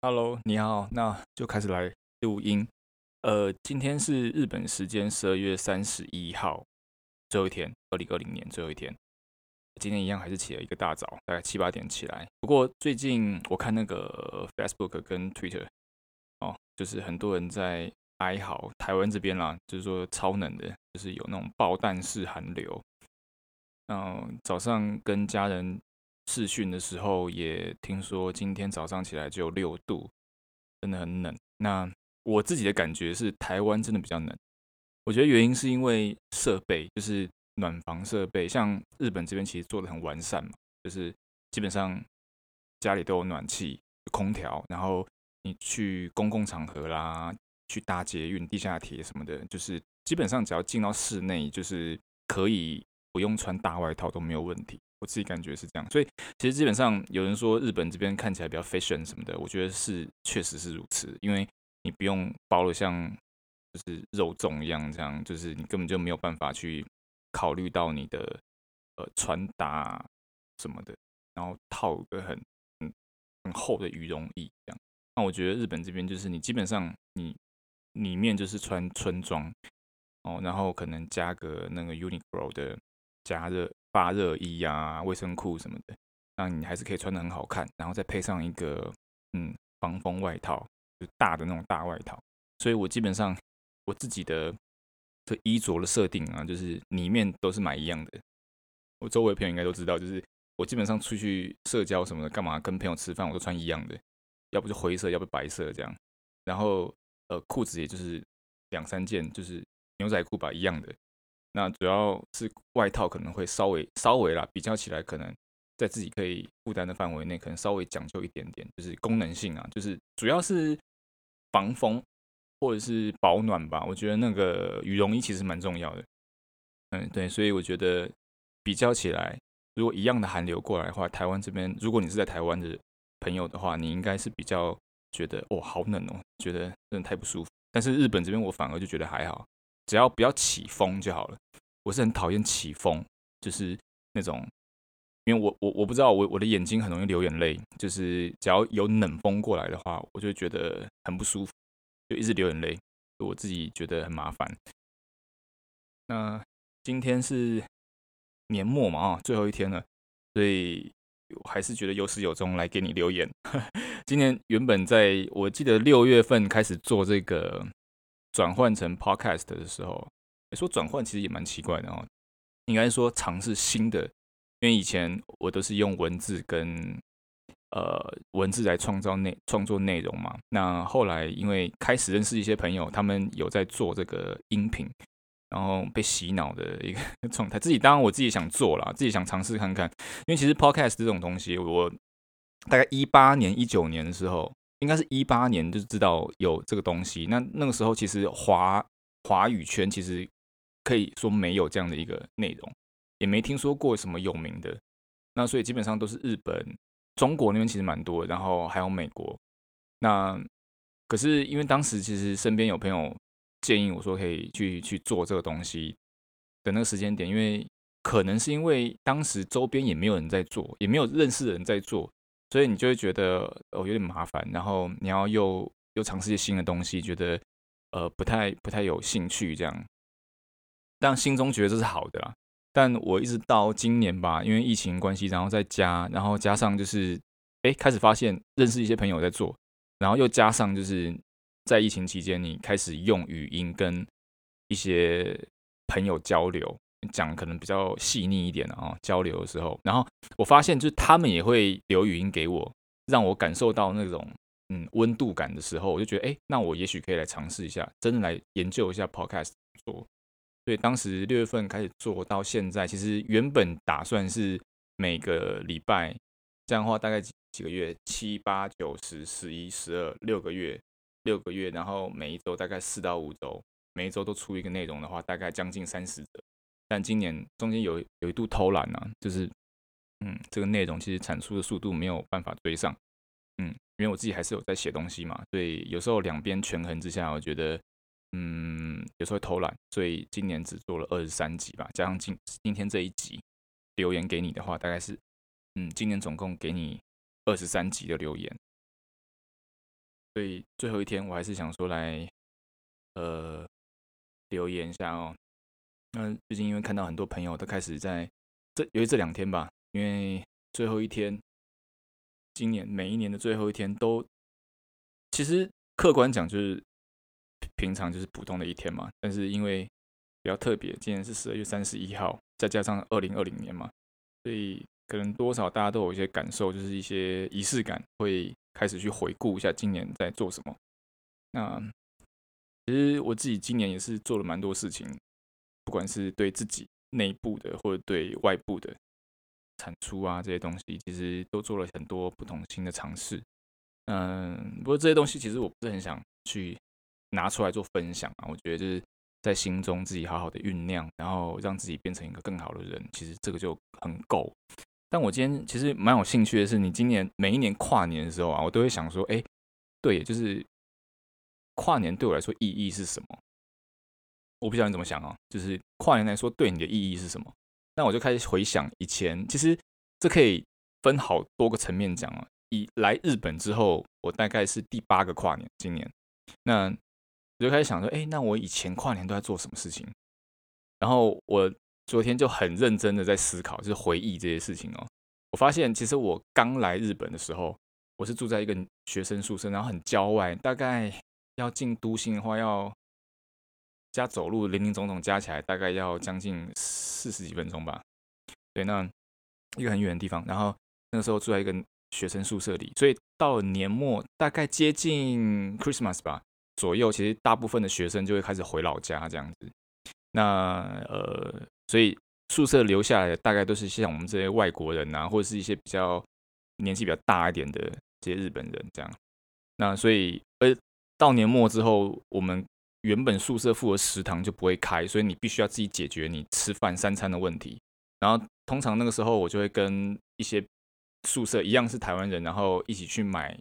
Hello，你好，那就開始來錄音。呃，今天是日本時間十二月三十一號，最後一天，二零二零年最後一天。今天一樣還是起了一個大早，大概七八點起來。不過最近我看那個 Facebook 跟 Twitter 哦，就是很多人在哀嚎，台灣這邊啦，就是說超冷的，就是有那種爆彈式寒流。那、哦、早上跟家人。視訊的時候也聽說，今天早上起來就六度，真的很冷。那我自己的感覺是，台灣真的比較冷。我覺得原因是因為設備，就是暖房設備，像日本這邊其實做的很完善嘛，就是基本上家裡都有暖氣、有空調，然後你去公共場合啦，去搭捷運、地下鐵什麼的，就是基本上只要進到室內，就是可以不用穿大外套都沒有問題。我自己感覺是這樣，所以其實基本上有人說日本這邊看起來比較 fashion 什麼的，我覺得是確實是如此，因為你不用包了像就是肉粽一樣這樣，就是你根本就沒有辦法去考慮到你的呃穿搭什麼的，然後套個很很厚的羽絨衣這樣。那我覺得日本這邊就是你基本上你裡面就是穿春裝哦，然後可能加個那個 Uniqlo 的加熱。發熱衣呀、啊、衛生褲什麼的，那你還是可以穿得很好看，然後再配上一個嗯防風外套，就大的那種大外套。所以我基本上我自己的這衣着的設定啊，就是裡面都是買一樣的。我周圍的朋友應該都知道，就是我基本上出去社交什麼的，幹嘛跟朋友吃飯，我都穿一樣的，要不就灰色，要不白色這樣。然後呃褲子也就是兩三件，就是牛仔褲吧一樣的。那主要是外套可能會稍微稍微啦，比較起來可能在自己可以負擔的範圍內，可能稍微講究一點點，就是功能性啊，就是主要是防風或者是保暖吧。我覺得那個羽絨衣其實蠻重要的。嗯，對，所以我覺得比較起來，如果一樣的寒流過來的話，台灣這邊如果你是在台灣的朋友的話，你應該是比較覺得哦好冷哦，覺得真的太不舒服。但是日本這邊我反而就覺得還好。只要不要起風就好了，我是很討厭起風，就是那種，因為我我我不知道，我我的眼睛很容易流眼淚，就是只要有冷風過來的話，我就覺得很不舒服，就一直流眼淚，我自己覺得很麻煩。那今天是年末嘛，啊，最後一天了，所以我還是覺得有始有終，來給你留言。 今年原本在我記得六月份開始做這個。轉換成 podcast 的時候，欸，說轉換其實也蠻奇怪的哦、喔。應該說嘗試新的，因為以前我都是用文字跟呃文字來創造內創作內容嘛。那後來因為開始認識一些朋友，他們有在做這個音頻，然後被洗腦的一個狀態。自己當然我自己想做啦，自己想嘗試看看。因為其實 podcast 這種東西，我大概一八年、一九年的時候。應該是一八年就知道有這個東西，那那個時候其實華華語圈其實可以說沒有這樣的一個內容，也沒聽說過什麼有名的，那所以基本上都是日本、中國那邊其實蠻多，然後還有美國，那可是因為當時其實身邊有朋友建議我說可以去去做這個東西的那個時間點，因為可能是因為當時周邊也沒有人在做，也沒有認識的人在做。所以你就會覺得哦，有點麻煩，然後你要又又嘗試一些新的東西，覺得呃不太不太有興趣這樣，但心中覺得這是好的啦。但我一直到今年吧，因為疫情關係，然後在家，然後加上就是哎開始發現認識一些朋友在做，然後又加上就是在疫情期間你開始用語音跟一些朋友交流。講可能比較細膩一點的哦，交流的時候，然後我發現就是他們也會留語音給我，讓我感受到那種嗯溫度感的時候，我就覺得誒，那我也許可以來嘗試一下，真的來研究一下 podcast 做。所以當時六月份開始做到現在，其實原本打算是每個禮拜，這樣的話，大概幾幾個月，七八九十十一十二六個月，六個月，然後每一周大概四到五周，每一周都出一個內容的話，大概將近三十則。但今年中間有有一度偷懶啊，就是嗯，這個內容其實產出的速度沒有辦法追上，嗯，因為我自己還是有在寫東西嘛，所以有時候兩邊權衡之下，我覺得嗯，有時候偷懶，所以今年只做了二十三集吧，加上今今天這一集留言給你的話，大概是嗯，今年總共給你二十三集的留言，所以最後一天我還是想說來，呃，留言一下哦。那最近因為看到很多朋友都開始在這，由於這兩天吧，因為最後一天，今年每一年的最後一天都，其實客觀講就是平常就是普通的一天嘛。但是因為比較特別，今年是十二月三十一號，再加上二零二零年嘛，所以可能多少大家都有一些感受，就是一些儀式感會開始去回顧一下今年在做什麼。那其實我自己今年也是做了蠻多事情。不管是對自己內部的或者對外部的產出啊，這些東西其實都做了很多不同新的嘗試。嗯，不過這些東西其實我不是很想去拿出來做分享啊。我覺得就是在心中自己好好的醞釀，然後讓自己變成一個更好的人，其實這個就很夠。但我今天其實蠻有興趣的是，你今年每一年跨年的時候啊，我都會想說，哎，對，就是跨年對我來說意義是什麼？我不知道你怎麼想啊，哦，就是跨年來說對你的意義是什麼？那我就開始回想以前，其實這可以分好多個層面講啊。以來日本之後，我大概是第八個跨年，今年。那我就開始想說，誒，那我以前跨年都在做什麼事情？然後我昨天就很認真的在思考，就是回憶這些事情哦。我發現其實我剛來日本的時候，我是住在一個學生宿舍，然後很郊外，大概要進都心的話要。家走路零零總總加起來大概要將近四十幾分鐘吧。對，那一個很遠的地方，然後那個時候住在一個學生宿舍裡，所以到了年末大概接近 Christmas 吧左右，其實大部分的學生就會開始回老家這樣子。那呃，所以宿舍留下來的大概都是像我們這些外國人啊，或者是一些比較年紀比較大一點的這些日本人這樣。那所以，呃，到年末之後，我們。原本宿舍附的食堂就不會開，所以你必須要自己解決你吃飯三餐的問題。然後通常那個時候我就會跟一些宿舍一樣是台灣人，然後一起去買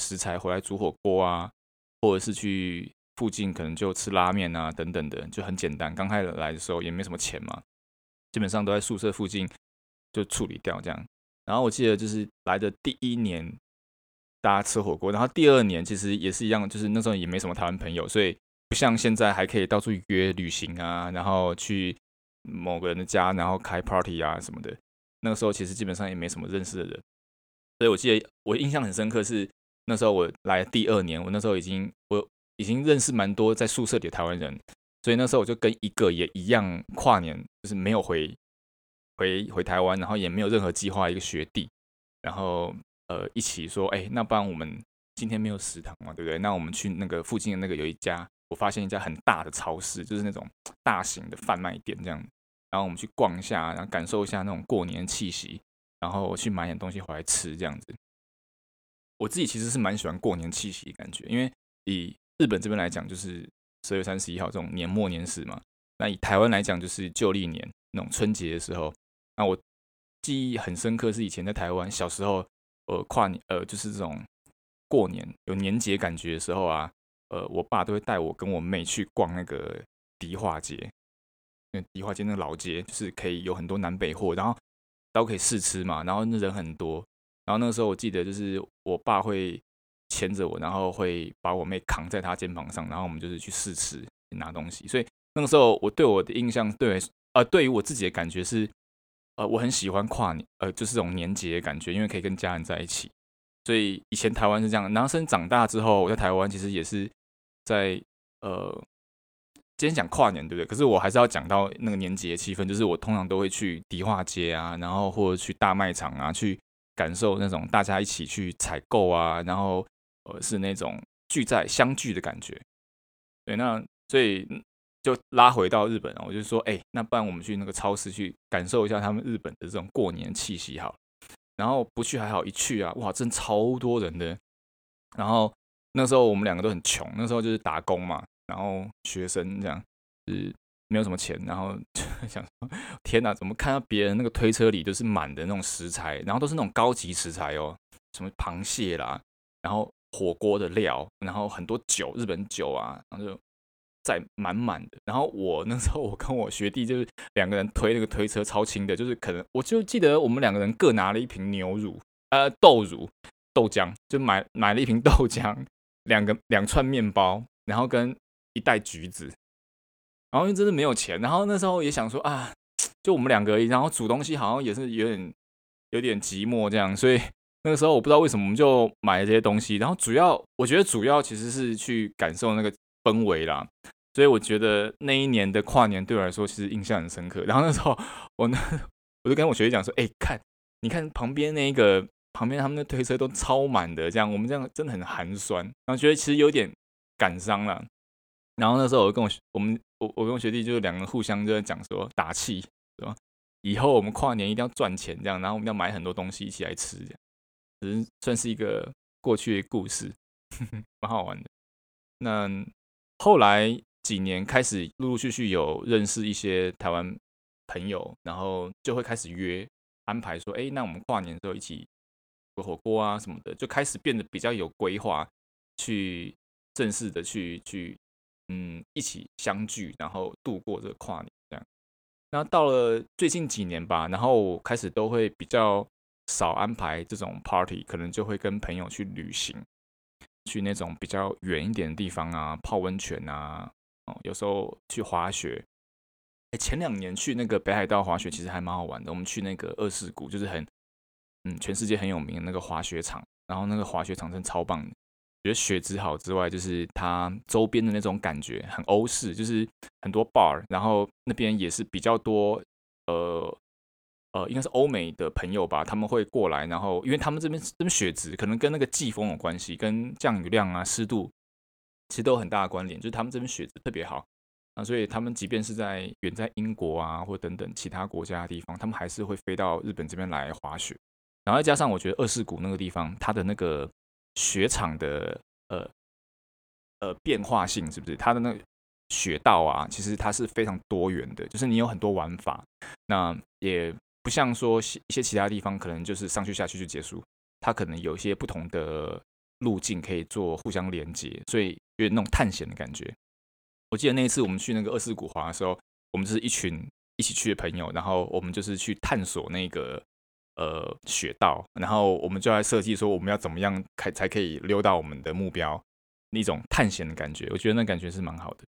食材回來煮火鍋啊，或者是去附近可能就吃拉麵啊等等的，就很簡單。剛開始來的時候也沒什麼錢嘛，基本上都在宿舍附近就處理掉這樣。然後我記得就是來的第一年大家吃火鍋，然後第二年其實也是一樣，就是那時候也沒什麼台灣朋友，所以。不像現在還可以到處約旅行啊，然後去某個人的家，然後開 party 啊什麼的。那個時候其實基本上也沒什麼認識的人，所以我記得我印象很深刻是那時候我來第二年，我那時候已經我已經認識蠻多在宿舍裡的台灣人，所以那時候我就跟一個也一樣跨年，就是沒有回回回台灣，然後也沒有任何計劃，一個學弟，然後呃一起說，哎，那不然我們今天沒有食堂嘛，對不對？那我們去那個附近的那個有一家。我發現一家很大的超市，就是那種大型的販賣店，這樣，然後我們去逛一下，然後感受一下那種過年氣息，然後去買點東西回來吃這樣子。我自己其實是蠻喜歡過年氣息的感覺，因為以日本這邊來講，就是十二月三十一號這種年末年始嘛。那以台灣來講，就是舊曆年那種春節的時候。那我記憶很深刻，是以前在台灣小時候，呃，跨年，呃，就是這種過年有年節感覺的時候啊。呃，我爸都會帶我跟我妹去逛那個迪化街。那迪化街那個老街就是可以有很多南北貨，然後都可以試吃嘛，然後那人很多，然後那個時候我記得就是我爸會牽着我，然後會把我妹扛在他肩膀上，然後我們就是去試吃拿東西，所以那個時候我對我的印象對、呃、對於我自己的感覺是呃，我很喜歡跨年呃，就是這種年節的感覺，因為可以跟家人在一起，所以以前台灣是這樣，男生長大之後我在台灣其實也是。在呃，今天講跨年對不對？可是我還是要講到那個年節氣氛，就是我通常都會去迪化街啊，然後或者去大賣場啊，去感受那種大家一起去採購啊，然後呃是那種聚在相聚的感覺。對，那所以就拉回到日本，哦，我就說，哎，那不然我們去那個超市去感受一下他們日本的這種過年氣息好。然後不去還好，一去啊，哇，真超多人的，然後。那時候我們兩個都很窮，那時候就是打工嘛，然後學生這樣是沒有什麼錢，然後就想說天哪，怎麼看到別人那個推車裡都是滿的那種食材，然後都是那種高級食材哦，什麼螃蟹啦，然後火鍋的料，然後很多酒，日本酒啊，然後就再滿滿的。然後我那時候我跟我學弟就是兩個人推那個推車超輕的，就是可能我就記得我們兩個人各拿了一瓶牛乳，呃，豆乳、豆漿，就買買了一瓶豆漿，兩個兩串麵包，然後跟一袋橘子，然後因為真的沒有錢，然後那時候也想說啊，就我們兩個，然後煮東西好像也是有點有點寂寞這樣，所以那個時候我不知道為什麼我們就買了這些東西，然後主要我覺得主要其實是去感受那個氛圍啦，所以我覺得那一年的跨年對我來說其實印象很深刻，然後那時候我呢，我就跟我學姐講說，哎，看，你看旁邊那一個。旁邊他們的推車都超滿的，這樣我們這樣真的很寒酸，然後覺得其實有點感傷了。然後那時候我跟我我們我我跟我學弟就是兩個互相就在講說打氣，對吧？以後我們跨年一定要賺錢，這樣，然後我們要買很多東西一起來吃，這樣。只是算是一個過去的故事， 蠻好玩的。那後來幾年開始陸陸續續有認識一些台灣朋友，然後就會開始約安排說，哎，那我們跨年的時候一起。火鍋啊什麼的，就開始變得比較有規劃，去正式的去去，嗯，一起相聚，然後度過這個跨年這樣。那到了最近幾年吧，然後開始都會比較少安排這種 party，可能就會跟朋友去旅行，去那種比較遠一點的地方啊，泡溫泉啊，哦，有時候去滑雪。哎，前兩年去那個北海道滑雪，其實還蠻好玩的。我們去那個二世谷，就是很。嗯，全世界很有名的那個滑雪場，然後那個滑雪場真的超棒的。覺得雪質好之外，就是它周邊的那種感覺很歐式，就是很多 bar，然後那邊也是比較多呃呃，應該是歐美的朋友吧，他們會過來，然後因為他們這邊這邊雪質可能跟那個季風有關係，跟降雨量啊、濕度其實都有很大的關聯，就是他們這邊雪質特別好啊，所以他們即便是在遠在英國啊或等等其他國家的地方，他們還是會飛到日本這邊來滑雪。然後再加上，我覺得二世谷那個地方，它的那個雪場的呃呃變化性是不是？它的那個雪道啊，其實它是非常多元的，就是你有很多玩法。那也不像說一些其他地方，可能就是上去下去就結束。它可能有一些不同的路徑可以做互相連接，所以有那種探險的感覺。我記得那一次我們去那個二世谷滑的時候，我們就是一群一起去的朋友，然後我們就是去探索那個。呃，雪道，然後我們就來設計說我們要怎麼樣開才可以溜到我們的目標，那種探險的感覺，我覺得那感覺是蠻好的。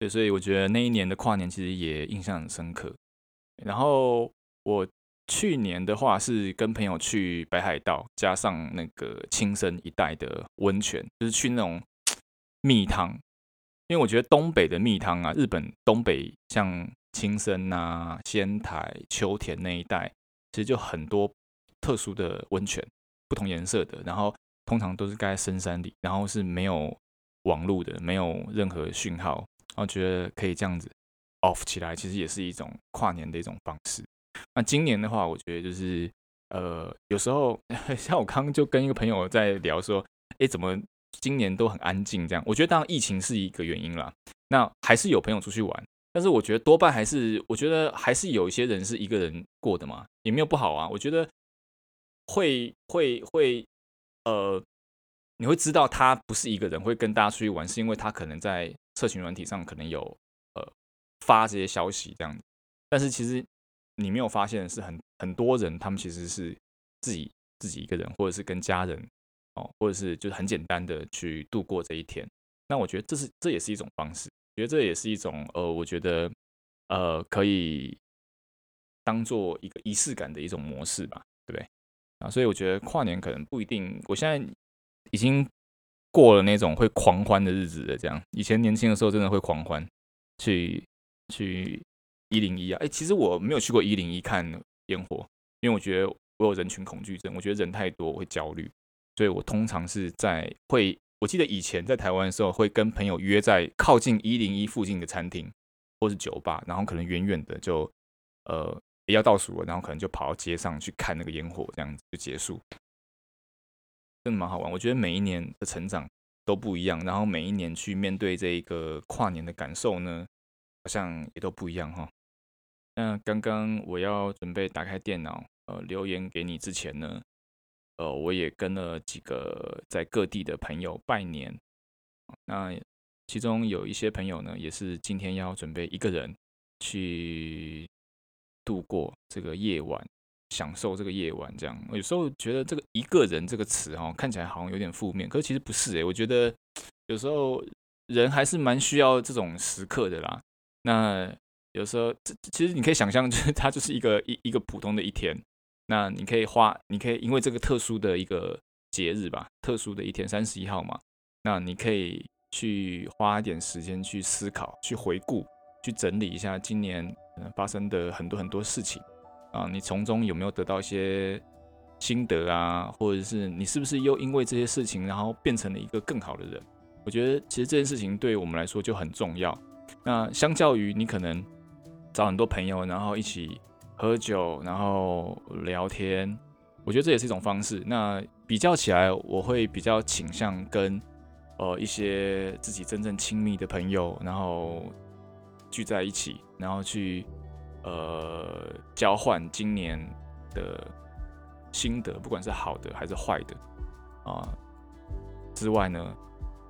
對，所以我覺得那一年的跨年其實也印象很深刻。然後我去年的話是跟朋友去北海道，加上那個青森一帶的溫泉，就是去那種蜜湯，因為我覺得東北的蜜湯啊，日本東北像青森啊、仙台、秋田那一帶，其實就很多特殊的溫泉，不同顏色的，然後通常都是蓋在深山裡，然後是沒有網路的，沒有任何訊號。然後覺得可以這樣子 off 起來，其實也是一種跨年的一種方式。那今年的話，我覺得就是呃，有時候像我剛剛就跟一個朋友在聊說，誒，怎麼今年都很安靜？這樣，我覺得當然疫情是一個原因啦，那還是有朋友出去玩。但是我覺得多半還是，我覺得還是有一些人是一個人過的嘛，也沒有不好啊。我覺得會會會，呃，你會知道他不是一個人會跟大家出去玩，是因為他可能在社群軟體上可能有呃發這些消息這樣。但是其實你沒有發現是很很多人，他們其實是自己自己一個人，或者是跟家人哦，或者是就是很簡單的去度過這一天。那我覺得這是這也是一種方式。我覺得這也是一種，呃，我覺得，呃，可以當做一個儀式感的一種模式吧，對不對？啊，所以我覺得跨年可能不一定，我現在已經過了那種會狂歡的日子了，這樣。以前年輕的時候真的會狂歡，去去一零一啊，哎、欸，其實我沒有去過一零一看煙火，因為我覺得我有人群恐懼症，我覺得人太多我會焦慮，所以我通常是在會。我記得以前在台灣的時候，會跟朋友約在靠近一零一附近的餐廳或是酒吧，然後可能遠遠的就，呃，也要倒數了，然後可能就跑到街上去看那個煙火，這樣子就結束，真的蠻好玩。我覺得每一年的成長都不一樣，然後每一年去面對這一個跨年的感受呢，好像也都不一樣哈。那剛剛我要準備打開電腦，呃，留言給你之前呢。呃，我也跟了幾個在各地的朋友拜年。那其中有一些朋友呢，也是今天要準備一個人去度過這個夜晚，享受這個夜晚。這樣，我有時候覺得這個“一個人”這個詞哈，看起來好像有點負面，可是其實不是欸。我覺得有時候人還是蠻需要這種時刻的啦。那有時候，其實你可以想象，就是它就是一個一一個普通的一天。那你可以花，你可以因為這個特殊的一個節日吧，特殊的一天三十一號嘛，那你可以去花一點時間去思考、去回顧、去整理一下今年發生的很多很多事情啊，你從中有沒有得到一些心得啊，或者是你是不是又因為這些事情，然後變成了一個更好的人？我覺得其實這件事情對我們來說就很重要。那相較於你可能找很多朋友，然後一起。喝酒，然後聊天，我覺得這也是一種方式。那比較起來，我會比較傾向跟呃一些自己真正親密的朋友，然後聚在一起，然後去呃交換今年的心得，不管是好的還是壞的啊，呃。之外呢，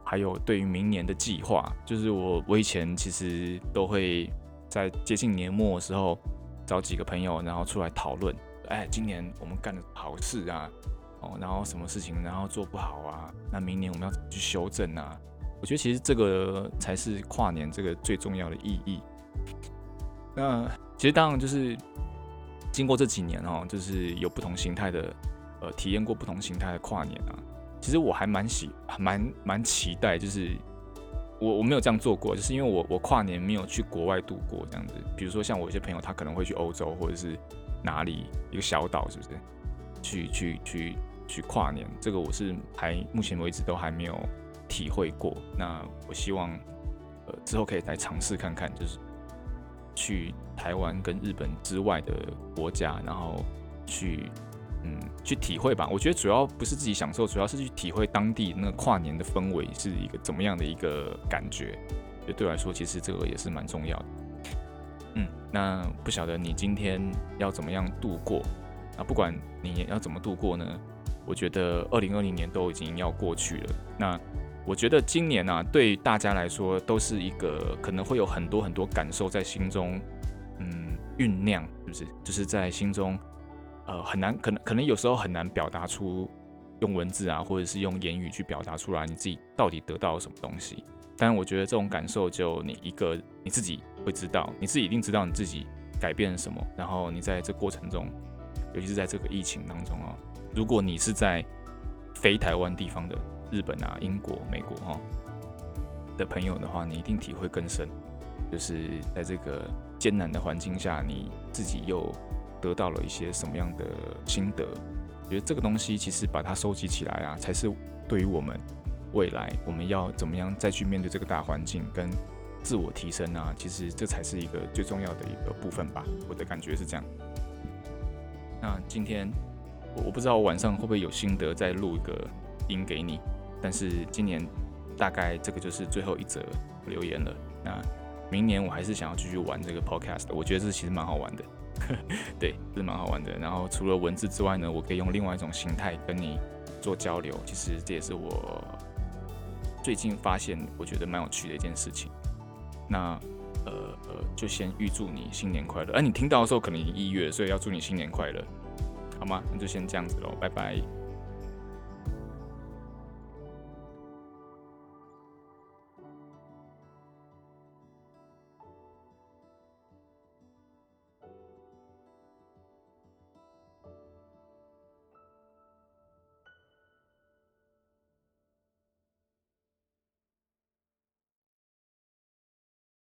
還有對於明年的計劃，就是我，我以前其實都會在接近年末的時候。找幾個朋友，然後出來討論。哎、欸，今年我們幹的好事啊，哦，然後什麼事情，然後做不好啊，那明年我們要怎麼去修正啊。我覺得其實這個才是跨年這個最重要的意義。那其實當然就是經過這幾年哦、喔，就是有不同形態的，呃，體驗過不同形態的跨年啊。其實我還蠻喜，蠻蠻期待，就是。我我沒有這樣做過，就是因為我我跨年沒有去國外度過這樣子。比如說像我一些朋友，他可能會去歐洲或者是哪裡一個小島，是不是？去去去去跨年，這個我是還目前為止都還沒有體會過。那我希望呃之後可以來嘗試看看，就是去台灣跟日本之外的國家，然後去。嗯，去體會吧。我覺得主要不是自己享受，主要是去體會當地那個跨年的氛圍是一個怎麼樣的一個感覺。就對我來說，其實這個也是蠻重要的。嗯，那不曉得你今天要怎麼樣度過？啊，不管你要怎麼度過呢，我覺得二零二零年都已經要過去了。那我覺得今年呢、啊，對大家來說都是一個可能會有很多很多感受在心中，嗯，醞釀，是不是？就是在心中。呃，很難，可能可能有時候很難表達出用文字啊，或者是用言語去表達出來你自己到底得到了什麼東西。但我覺得這種感受，就你一個你自己會知道，你自己一定知道你自己改變了什麼。然後你在這過程中，尤其是在這個疫情當中哦，如果你是在非台灣地方的日本啊、英國、美國哈、哦、的朋友的話，你一定體會更深，就是在這個艱難的環境下，你自己又。得到了一些什麼樣的心得？我覺得這個東西其實把它收集起來啊，才是對於我們未來我們要怎麼樣再去面對這個大環境跟自我提升啊，其實這才是一個最重要的一個部分吧。我的感覺是這樣。那今天我不知道我晚上會不會有心得再錄一個音給你，但是今年大概這個就是最後一則留言了。那明年我還是想要繼續玩這個 podcast，我覺得這其實蠻好玩的。 對，是蠻好玩的。然後除了文字之外呢，我可以用另外一種形態跟你做交流。其實這也是我最近發現，我覺得蠻有趣的一件事情。那呃呃，就先預祝你新年快樂。哎、呃，你聽到的時候可能已經一月，所以要祝你新年快樂，好嗎？那就先這樣子嘍，拜拜。